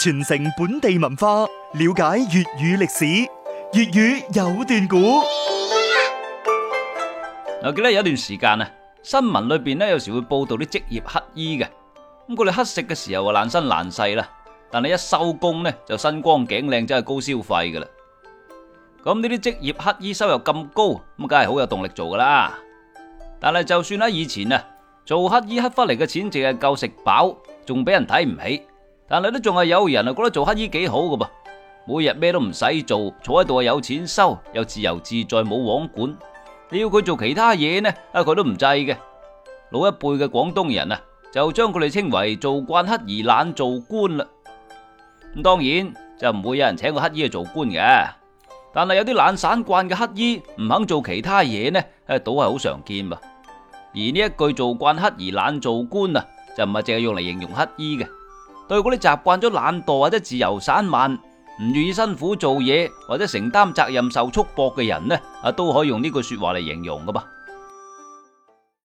傳承本地文化，了解粵語歷史，粵語有段古。我記得有一段時間啊，新聞裏邊咧有時會報道啲職業乞衣嘅，咁佢哋乞食嘅時候啊爛身爛世啦，但係一收工呢，就身光頸靚，真係高消費噶啦。咁呢啲職業乞衣收入咁高，咁梗係好有動力做噶啦。但係就算喺以前啊，做乞衣乞翻嚟嘅錢淨係夠食飽，仲俾人睇唔起。但係都仲係有人啊，覺得做乞衣幾好噶噃，每日咩都唔使做，坐喺度啊，有錢收又自由自在，冇王管。你要佢做其他嘢呢，啊佢都唔制嘅。老一輩嘅廣東人啊，就將佢哋稱為做慣乞兒懶做官啦。咁當然就唔會有人請個乞衣去做官嘅。但係有啲懶散慣嘅乞衣唔肯做其他嘢呢，啊，倒係好常見噃。而呢一句做慣乞兒懶做官啊，就唔係淨係用嚟形容乞衣嘅。對嗰啲習慣咗懶惰或者自由散漫，唔願意辛苦做嘢或者承擔責任受束縛嘅人咧，啊都可以用呢句說話嚟形容噶噃。